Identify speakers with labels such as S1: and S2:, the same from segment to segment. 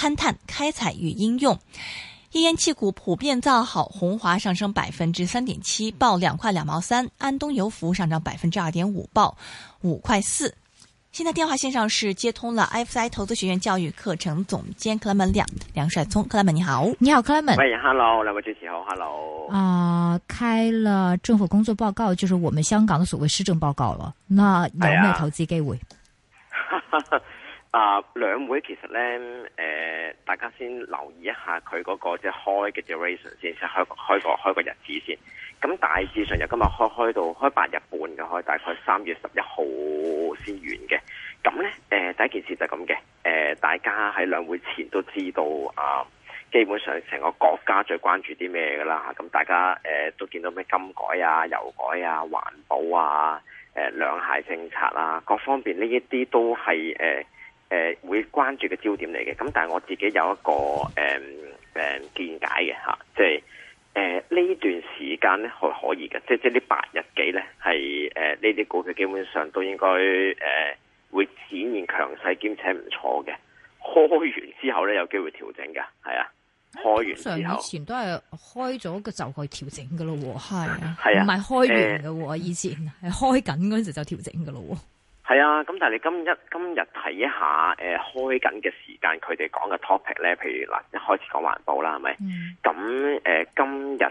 S1: 勘探、探、開採與應用，頁岩氣股普遍造好，紅華上升百分之三點七，報兩塊兩毛三；安東油服上漲百分之二點五，報五塊四。現在電話線上是接通了 IFC 投資學院教育課程總監克萊門兩梁帥聰，克萊門你好，你好，克萊門。歡迎
S2: Hello 兩位主持人好，Hello。
S3: 啊，開了政府工作報告，就是我們香港的所謂施政報告了，了那有沒有投資機會？
S2: 啊，兩會其實呢，誒、呃，大家先留意一下佢嗰個即係開嘅 duration 先，先開個開個開個日子先。咁大致上由今日開開到開八日半嘅，開大概三月十一號先完嘅。咁呢，誒、呃，第一件事就係咁嘅。誒、呃，大家喺兩會前都知道啊、呃，基本上成個國家最關注啲咩噶啦。咁大家誒都見到咩金改啊、油改啊、環保啊、誒兩孩政策啊，各方面呢一啲都係誒。呃誒，會關注嘅焦點嚟嘅，咁但係我自己有一個誒誒、嗯嗯、見解嘅吓，即係誒呢段時間咧可可以嘅，即係即係呢八日幾咧係誒呢啲股票基本上都應該誒、呃、會展現強勢，兼且唔錯嘅。開完之後咧有機會調整嘅，係啊。開完通常以
S3: 前都係開咗嘅就去調整嘅咯，係係啊，唔係、啊、開完嘅，呃、以前係開緊嗰陣時候就調整嘅咯。
S2: 係啊，咁但係你今日今日睇一下，誒、呃、開緊嘅時間佢哋講嘅 topic 咧，譬如嗱一開始講環保啦，係咪？咁誒、嗯呃、今日誒誒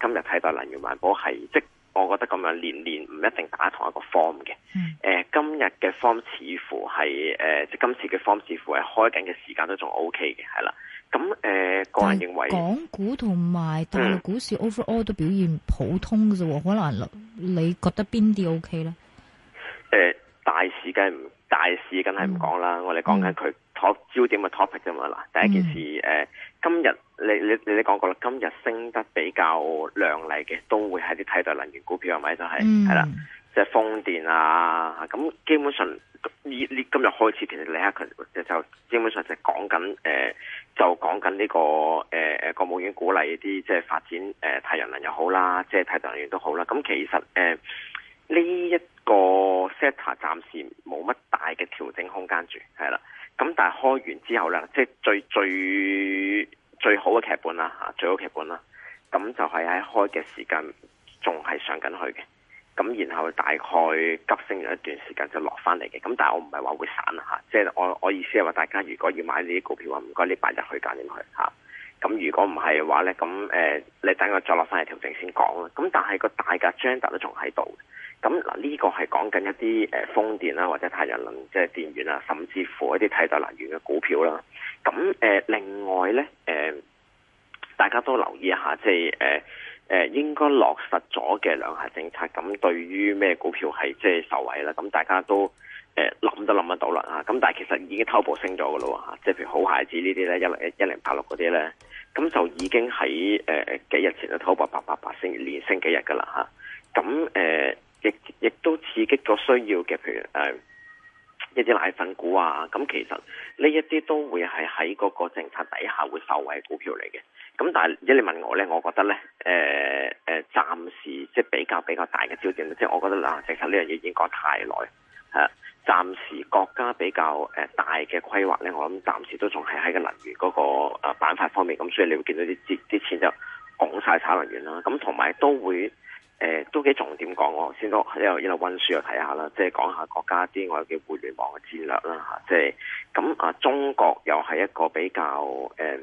S2: 今日睇到能源環保係，即、就是、我覺得咁樣年年唔一定打同一個 form 嘅。誒、嗯呃、今日嘅 form 似乎係誒、呃、即今次嘅 form 似乎係開緊嘅時間都仲 O K 嘅，係啦。咁、嗯、誒、嗯、個人認為，
S3: 港股同埋大陸股市 overall 都表現普通嘅啫，可能、嗯、你覺得邊啲 O K 咧？
S2: 大市梗唔大市梗係唔講啦，嗯、我哋講緊佢 top 焦點嘅 topic 啫嘛，嗱，第一件事，誒、嗯呃、今日你你你都講過啦，今日升得比較亮麗嘅，都會係啲替代能源股票係咪？就係係啦，即係、嗯就是、風電啊，咁基本上呢呢今日開始其實李克強就基本上就講緊，誒、呃、就講緊呢個誒誒國務院鼓勵啲即係發展誒、呃、太陽能又好啦，即、就、係、是、替代能源都好啦。咁其實誒呢、呃、一暫時冇乜大嘅調整空間住，係啦。咁但係開完之後呢，即係最最最好嘅劇本啦嚇，最好劇本啦。咁就係喺開嘅時間仲係上緊去嘅。咁然後大概急升咗一段時間就落翻嚟嘅。咁但係我唔係話會散啊嚇。即係我我意思係話，大家如果要買呢啲股票話，唔該你擺日去揀入去嚇。咁如果唔係嘅話呢，咁誒、呃、你等佢再落翻嚟調整先講啦。咁但係個大嘅趨勢都仲喺度。咁嗱，呢個係講緊一啲誒風電啦，或者太陽能即係電源啦，甚至乎一啲替代能源嘅股票啦。咁誒、呃，另外呢，誒、呃，大家都留意一下，即係誒誒，應該落實咗嘅兩下政策。咁對於咩股票係即係受惠啦？咁大家都誒諗、呃、都諗得到啦吓。咁但係其實已經偷步升咗嘅咯喎吓。即係譬如好孩子呢啲呢，一零一零八六嗰啲呢，咁就已經喺誒、呃、幾日前就偷步八八八升，連升幾日嘅啦吓。咁誒。亦亦都刺激咗需要嘅，譬如誒、呃、一啲奶粉股啊，咁、嗯、其實呢一啲都會係喺嗰個政策底下會受惠股票嚟嘅。咁、嗯、但係一你問我咧，我覺得咧，誒、呃、誒，暫時即係比較比較大嘅焦點咧，即係我覺得嗱、啊，其實呢樣嘢唔應該太耐吓。暫、啊、時國家比較誒、呃、大嘅規劃咧，我諗暫時都仲係喺個能源嗰個誒板塊方面，咁所以你會見到啲啲錢就拱晒炒能源啦。咁同埋都會。誒，都幾重點講喎，先講一路一路溫書又睇下啦，即係講下國家啲我哋叫互聯網嘅戰略啦吓、啊，即係咁啊，中國又係一個比較誒、呃，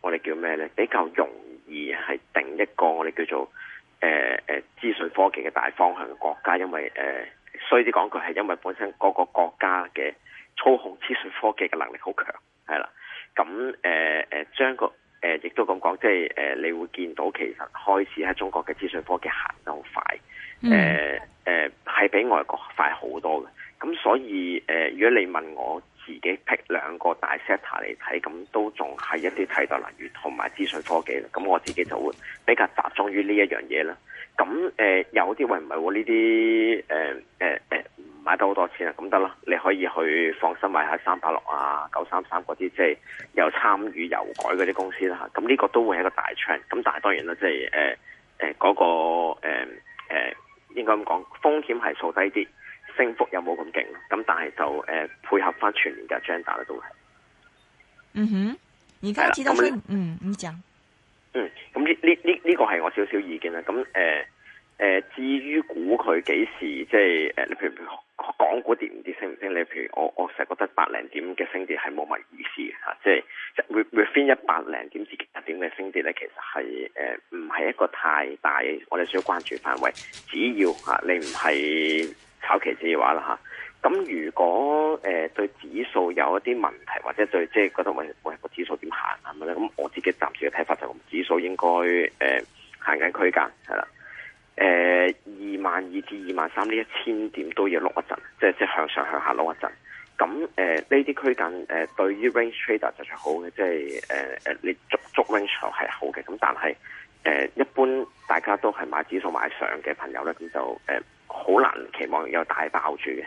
S2: 我哋叫咩咧？比較容易係定一個我哋叫做誒誒資訊科技嘅大方向嘅國家，因為誒、呃，衰啲講佢係因為本身各個國家嘅操控資訊科技嘅能力好強，係啦，咁誒誒將個。誒，亦都咁講，即係誒、呃，你會見到其實開始喺中國嘅資訊科技行得好快，誒、呃、誒，係、呃、比外國快好多嘅。咁所以誒、呃，如果你問我自己 pick 兩個大 sector 嚟睇，咁都仲係一啲替代能源同埋資訊科技，咁我自己就會比較集中於呢一樣嘢啦。咁誒、呃，有啲喂唔係我呢啲誒誒誒。唔買得好多錢啊，咁得啦，你可以去放心買下三百六啊，九三三嗰啲，即、就、係、是、有參與油改嗰啲公司啦。咁呢個都會係一個大窗。咁但係當然啦，即係誒誒嗰個誒誒，應該咁講，風險係數低啲，升幅又冇咁勁。咁但係就誒、呃、配合翻全年嘅 agenda 啦都會。嗯哼，而家知道嗯呢隻。嗯，咁呢呢呢呢個係我少少意見啦。咁誒誒，至於估佢幾時，即係誒，你、呃、譬如譬如。港股跌唔跌升唔升？你譬如我，我成日覺得百零點嘅升跌係冇乜意思嘅嚇、啊，即係會會翻一百零點至幾多點嘅升跌咧，其實係誒唔係一個太大，我哋需要關注範圍。只要嚇、啊、你唔係炒期子嘅話啦嚇，咁如果誒、呃、對指數有一啲問題，或者對即係嗰度喂喂個指數點行係咪咧，咁、啊、我自己暫時嘅睇法就係，指數應該誒行緊區間係啦。誒，二萬二至二萬三，呢一千點都要落一陣，即係即係向上向下落一陣。咁誒，呢啲區間誒，對於 range trader 就最好嘅，即係誒誒，你捉捉 range 係好嘅。咁但係誒、呃，一般大家都係買指數買上嘅朋友咧，咁就誒，好、呃、難期望有大爆住嘅。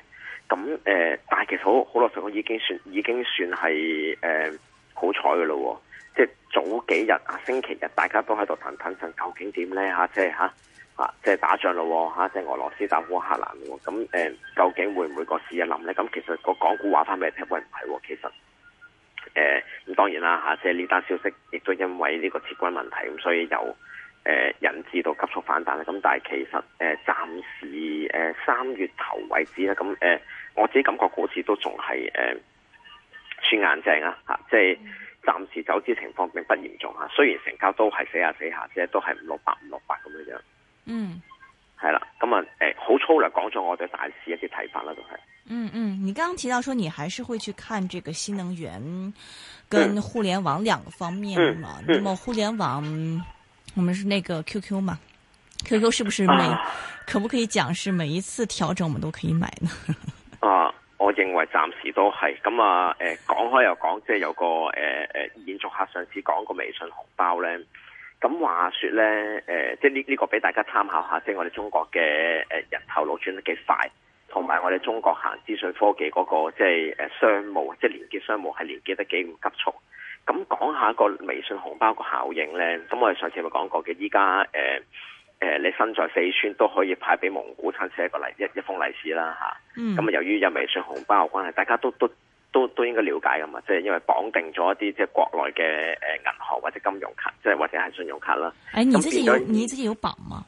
S2: 咁誒、呃，但係其實好好老實，我已經算已經算係誒好彩噶咯。即、呃、係、就是、早幾日啊，星期日大家都喺度談，等陣究竟點咧？吓、啊，即係吓。即係打仗咯，吓，即係俄羅斯打烏克蘭咁誒，究竟會唔會個市一冧咧？咁其實個港股話翻俾你聽，喂，唔係，其實誒，咁、呃、當然啦，吓、啊、即係呢單消息亦都因為呢個撤軍問題，咁所以有誒引致到急速反彈。咁但係其實誒，暫、呃、時誒三、呃、月頭為止咁誒、呃，我自己感覺股市都仲係誒穿硬正啊，吓即係暫時走資情況並不嚴重吓，雖然成交都係死下死下，即係都係五六百五六百咁樣樣。嗯，係啦，咁啊，誒、欸，好粗略講咗我哋大市一啲睇法啦，都係。嗯
S1: 嗯，你剛剛提到說你還是會去看這個新能源跟互聯網兩個方面、嗯、嘛？嗯、那麼互聯網，我們是那個 QQ 嘛？QQ 是不是每、啊、可不可以講是每一次調整我們都可以買呢？
S2: 啊，我認為暫時都係。咁、嗯、啊，誒、呃，講開又講，即係有個誒誒，延續一下上次講個微信紅包咧。咁話說呢，誒、呃，即係呢呢個俾大家參考下，即、就、係、是、我哋中國嘅人口路轉得幾快，同埋我哋中國行資訊科技嗰、那個即係、就是、商務，即、就、係、是、連結商務係連結得幾唔急促。咁講下個微信紅包個效應呢，咁我哋上次咪講過嘅，依家誒你身在四川都可以派俾蒙古親戚一個一一封利是啦咁啊，嗯、由於有微信紅包嘅關係，大家都都，都都應該了解㗎嘛，即係因為綁定咗一啲即係國內嘅誒銀行或者金融卡，即係或者係信用卡啦。誒、哎，你自己有成你
S1: 自己有綁嗎？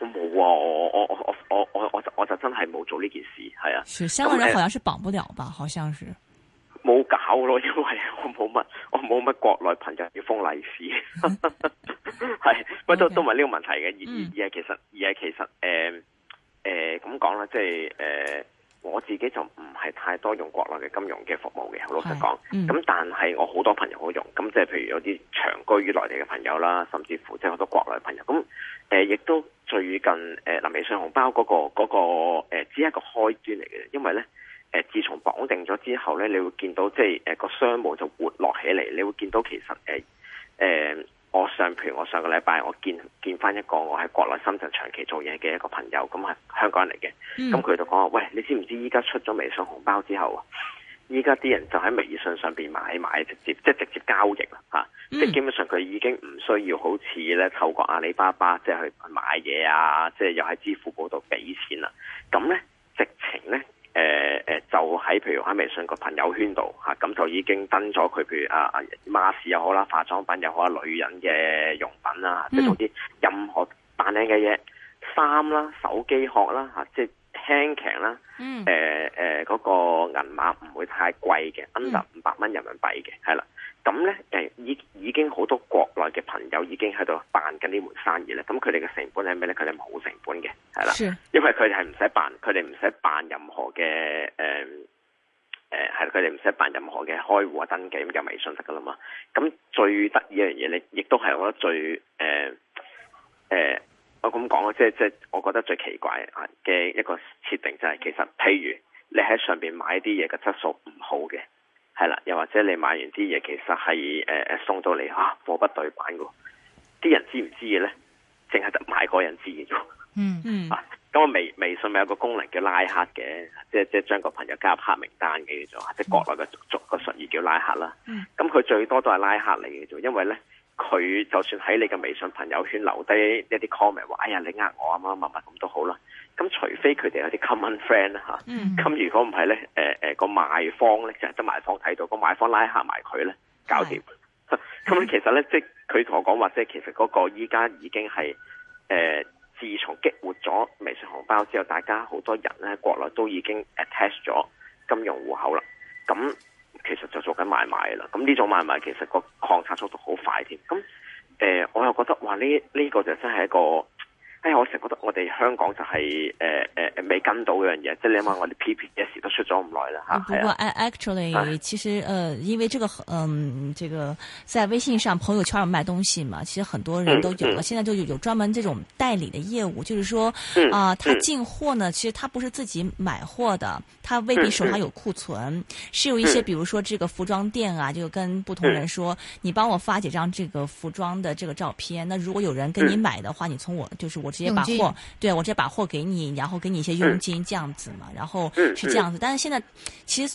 S2: 我冇、嗯、啊！我我我我我我就我就真係冇做呢件事，係啊。是香港人，像好像
S1: 是綁不了吧？嗯、好像是
S2: 冇搞咯，因為我冇乜，我冇乜國內朋友要封利 是，係不都 okay，都唔係呢個問題嘅。而而、嗯、其實而係其實誒誒咁講啦，即係誒。呃我自己就唔係太多用國內嘅金融嘅服務嘅，好老實講。咁、嗯、但係我好多朋友好用，咁即係譬如有啲長居於內地嘅朋友啦，甚至乎即係好多國內嘅朋友。咁亦、呃、都最近誒，用、呃、微信紅包嗰、嗰個嗰、嗰個、呃、只係一個開端嚟嘅，因為咧、呃、自從綁定咗之後咧，你會見到即係個、呃、商務就活絡起嚟，你會見到其實誒、呃呃我上譬如我上個禮拜我見見翻一個我喺國內深圳長期做嘢嘅一個朋友，咁係香港人嚟嘅，咁佢就講，喂，你知唔知依家出咗微信紅包之後，依家啲人就喺微信上面買賣，直接即係直接交易啦，吓、啊，mm. 即係基本上佢已經唔需要好似咧透過阿里巴巴即係去買嘢啊，即係又喺支付寶度俾錢啦，咁咧直情咧。誒誒、呃，就喺譬如喺微信個朋友圈度吓，咁、啊、就已經登咗佢，譬如啊啊，馬氏又、啊、好啦，化妝品又好啦，女人嘅用品啦、啊，即係總之任何扮靚嘅嘢，衫啦、手機殼啦吓，即係 handbag 啦，誒、啊、誒，嗰、啊啊啊嗰個銀碼唔會太貴嘅、嗯，under 五百蚊人民幣嘅，係啦。咁咧，誒，已已經好多國內嘅朋友已經喺度辦緊呢門生意咧。咁佢哋嘅成本係咩咧？佢哋冇成本嘅，係啦，Sure. 因為佢哋係唔使辦，佢哋唔使辦任何嘅，誒、呃，誒、呃，係啦，佢哋唔使辦任何嘅開戶啊、登記咁嘅微信得噶啦嘛。咁最得意一樣嘢咧，亦都係我覺得最，誒、呃，誒、呃，我咁講即係即係，就是、我覺得最奇怪嘅一個設定就係、是，其實譬如你喺上邊買啲嘢嘅質素唔好嘅。係啦，又或者你買完啲嘢，其實係誒誒送到嚟啊貨不對版嘅，啲人,人知唔知嘅咧？淨係得買嗰人知嘅啫。嗯嗯。咁我、啊、微微信咪有個功能叫拉黑嘅，即即係將個朋友加入黑名單嘅叫即係國內嘅俗個術語叫拉黑啦。嗯。咁佢最多都係拉黑嚟嘅啫，因為咧。佢就算喺你嘅微信朋友圈留低一啲 comment，話哎呀你呃我啊嘛？」密密咁都好啦。咁除非佢哋有啲 common friend 咁、嗯啊、如果唔係咧，個、呃呃、賣方咧就係得賣方睇到，個賣方拉黑埋佢咧，搞掂。咁是、啊、其實咧，即係佢同我講話，即係其實嗰個依家已經係、呃、自從激活咗微信紅包之後，大家好多人咧，國內都已經 attach 咗金融戶口啦。咁其實就做緊買賣啦，咁呢種買賣其實個擴散速度好快添，咁誒、呃，我又覺得話，呢呢個就真係一個。哎我成日覺得我哋香港就係誒誒誒未跟到嗰樣嘢，即係你諗下，我哋 P P S 都出咗咁耐啦吓。不過
S1: ，actually，、啊、其實，呃，因為這個，嗯、呃，這個、呃這個、在微信上朋友圈有賣東西嘛，其實很多人都有了。嗯嗯、現在就有專門這種代理的業務，就是說，啊、呃，他進貨呢，嗯嗯、其實他不是自己買貨的，他未必手上有庫存，嗯嗯、是有一些，比如說這個服裝店啊，就跟不同人說，嗯嗯、你幫我發幾張這個服裝的這個照片，那如果有人跟你買的話，嗯、你從我，就是我。我直接把貨，機對我直接把貨給你，然後給你一些佣金這樣子嘛，嗯、然後是這樣子，嗯嗯、但是現在其實。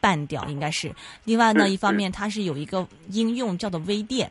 S1: 半掉應該是，另外呢，一方面它是有一個應用叫做微店。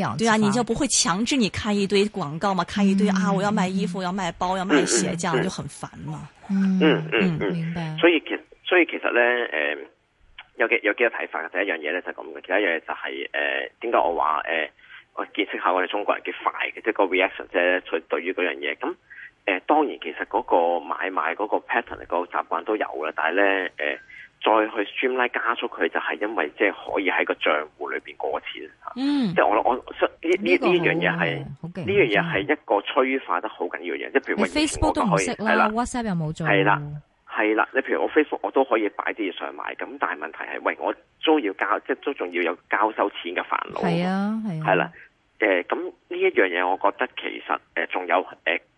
S1: 對啊，你就不會強制你看一堆廣告嘛？嗯、看一堆啊，我要賣衣服，嗯、要賣包，嗯、要賣鞋，嗯、這樣就很煩嘛。嗯嗯嗯，嗯嗯明白
S2: 所。所以其所以其實咧，誒、呃，有幾有幾多睇法嘅。第一件事樣嘢咧就係咁嘅，其他嘢就係誒，點解我話誒、呃，我見識一下我哋中國人幾快嘅，即係個 reaction 啫。咧對於嗰樣嘢，咁誒，當然其實嗰個買賣嗰個 pattern 個習慣都有啦，但係咧誒。呃再去 streamline 加速佢，就係因為即係可以喺個賬戶裏面過錢，嗯，即係我我呢呢呢樣嘢係好勁，呢樣嘢係一個催化得好緊要嘅嘢。即係、嗯、譬如我 Facebook 都可以，係啦，啦
S3: ，WhatsApp 又冇在。係啦，
S2: 係啦。你譬如我 Facebook 我都可以擺啲嘢上賣，咁但係問題係，喂，我都要交，即係都仲要有交收錢嘅煩惱。係啊，係、啊。啦，咁呢一樣嘢，我覺得其實仲、呃、有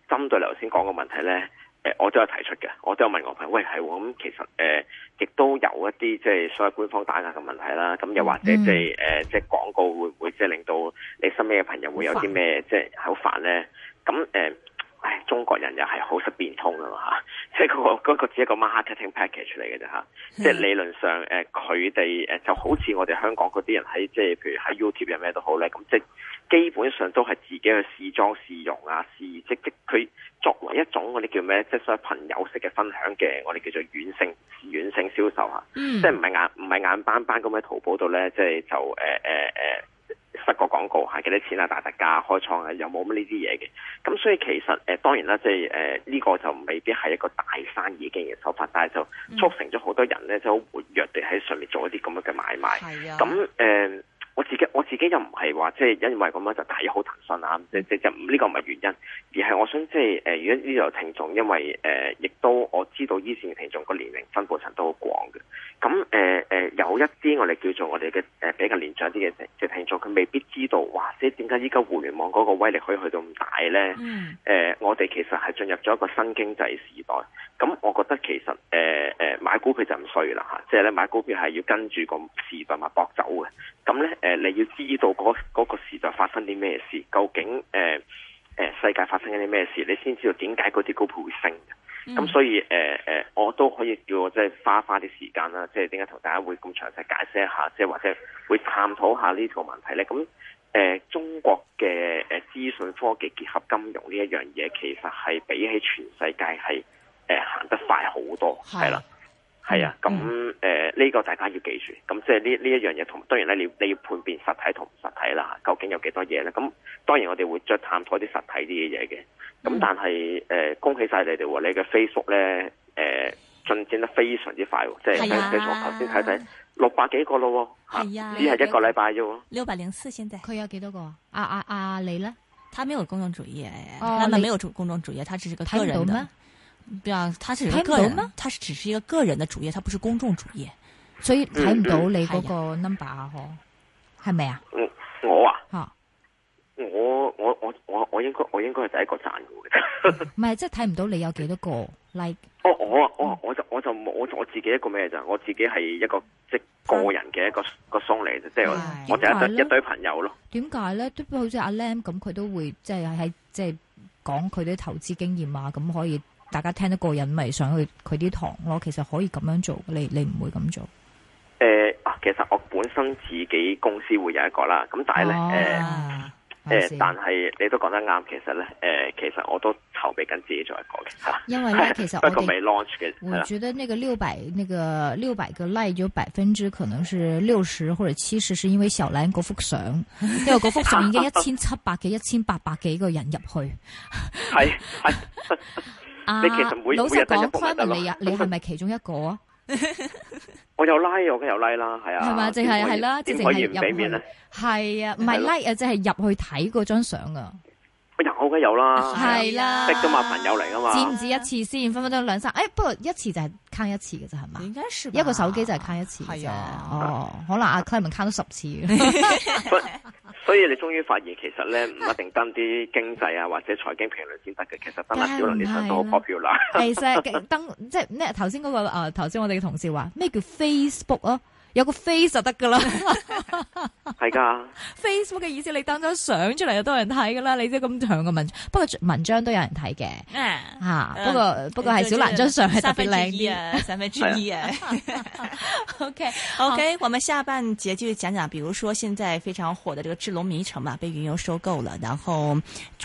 S2: 針對你頭先講嘅問題咧。誒，我都有提出嘅，我都有問我朋友，喂，係喎，咁其實誒、呃，亦都有一啲即係所謂官方打壓嘅問題啦，咁又或者即係、呃、即係廣告會唔會即係令到你身邊嘅朋友會有啲咩煩即係好煩咧？咁誒。呃哎、中國人又係好識變通噶嘛，即係嗰個嗰個只係個 marketing package 嚟嘅啫嚇，即係理論上誒佢哋誒就好似我哋香港嗰啲人喺即係譬如喺 YouTube 入面都好咧，咁即係基本上都係自己去試裝試用啊試即即佢作為一種我哋叫咩即係所謂朋友式嘅分享嘅，我哋叫做軟性軟性銷售嚇、啊，即係唔係眼唔係眼斑斑咁喺淘寶度咧，即係就誒誒誒。呃呃呃塞個廣告係幾多錢啊？大特價開倉啊，有冇乜呢啲嘢嘅？咁所以其實誒、呃，當然啦，即係誒呢個就未必係一個大生意經營手法，但係就促成咗好多人咧，就好活躍地喺上面做一啲咁樣嘅買賣。係啊，咁誒。呃我自己我自己又唔係話即係因為咁樣就睇好騰訊啊，即即就呢個唔係原因，而係我想即係誒，如果呢度聽眾因為誒亦、呃、都我知道呢羣聽眾個年齡分佈層都好廣嘅，咁誒、呃、有一啲我哋叫做我哋嘅比較年長啲嘅聽眾，佢未必知道哇，即係點解依家互聯網嗰個威力可以去到咁大咧？誒、呃，我哋其實係進入咗一個新經濟時代，咁我覺得其實誒誒、呃、買股票就唔衰啦吓，即係咧，買股票係要跟住個時代脈搏走嘅，咁咧。誒，你要知道嗰嗰個時代發生啲咩事，究竟誒誒、呃、世界發生啲咩事，你先知道點解嗰啲股票會升。咁、嗯、所以誒誒、呃，我都可以叫我即係花花啲時間啦，即係點解同大家會咁詳細解釋一下，即係或者會探討下呢個問題咧。咁誒、呃，中國嘅誒資訊科技結合金融呢一樣嘢，其實係比起全世界係誒行得快好多，係是啦。係啊，咁誒呢個大家要記住，咁、嗯、即係呢呢一樣嘢同，當然咧你你要判別實體同唔實體啦，究竟有幾多嘢呢？咁當然我哋會再探討啲實體啲嘅嘢嘅，咁、嗯嗯、但係誒、呃、恭喜晒你哋，你嘅 Facebook 咧誒進、呃、展得非常之快，即係喺左頭先睇睇六百幾個咯，啊，只係一個禮拜啫。
S1: 六百零四，現在佢有幾多個？啊啊啊，你咧？他沒有公眾主頁，啊、他們沒有公公眾主頁，你他只是個個人的。比較、啊，他是個，個人，嗎他是只是一個個人的主頁，他不是公眾主頁，所以
S3: 睇唔到你嗰個
S1: number 嗬、嗯，
S3: 係咪啊？
S2: 的吧我啊，吓哈，我我我我我應該我應該係第一個讚嘅，唔 係、嗯，
S3: 即係睇唔到你有幾多個 like。
S2: 哦，我我我就我就我我自己一個咩就，我自己係一個即係他個人嘅一個一個商嚟嘅，即係我我就一堆朋友咯。
S3: 點解咧？都好似阿 Lam 咁，佢都會即係喺即係講佢啲投資經驗啊，咁可以。大家聽得過癮，咪上去佢啲堂咯。其實可以咁樣做，你你唔會咁做。
S2: 誒、呃，其實我本身自己公司會有一個啦。咁但係咧，
S3: 誒誒，但係
S2: 你都講得啱。其實咧，誒、呃，其實我都籌備緊自己做一個嘅。因為咧，其實我未 launch 嘅。我會覺
S3: 得呢個六百，那個六百個個 like，有百分之可能是六十或者七十，是因為小蘭嗰幅相， 因為嗰幅相已經一千七百幾、一千八百幾個人入去。係係。
S2: 啊、你其實每每日都一
S3: 公你係咪其中一個
S2: like, like, 啊？我有 like，我梗有 like 啦，係啊。係咪？淨係係啦，即淨係入面
S3: 係啊，唔係 like，就啊，即係入去睇嗰張相啊。
S2: 有啦，係啦，識咗埋朋友嚟噶嘛？止唔、啊、
S3: 止一次先，分分鐘兩三。誒、哎，不過一次就係坑一次嘅啫，係嘛？點解？一個手機就係坑一次係啊！哦，可能阿 l a y n 坑咗十次 。
S2: 所以你終於發現其實咧，唔一定登啲經濟啊或者財經評論先得嘅，其實登少少啲新聞都好 popular 啦。係、啊，即、哎、
S3: 登，即係咩？頭先嗰個頭先、呃、我哋嘅同事話咩叫 Facebook、啊有個 face 就得噶啦，係噶。Facebook 嘅意思，你當張相出嚟就多人睇噶啦。你即係咁長個文章，不過文章都有人睇嘅。吓，不過、嗯、不過係小蘭張相係特別靚啲，三分之一、啊。三分之一。
S1: OK OK，我們下半節就講講，比如說現在非常火的這個智龍迷城嘛、啊，被雲遊收購了。然後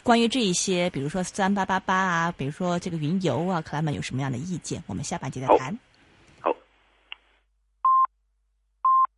S1: 關於這一些，比如說三八八八啊，比如說這個雲遊啊，克萊們有什麼樣的意見？我們下半節再談。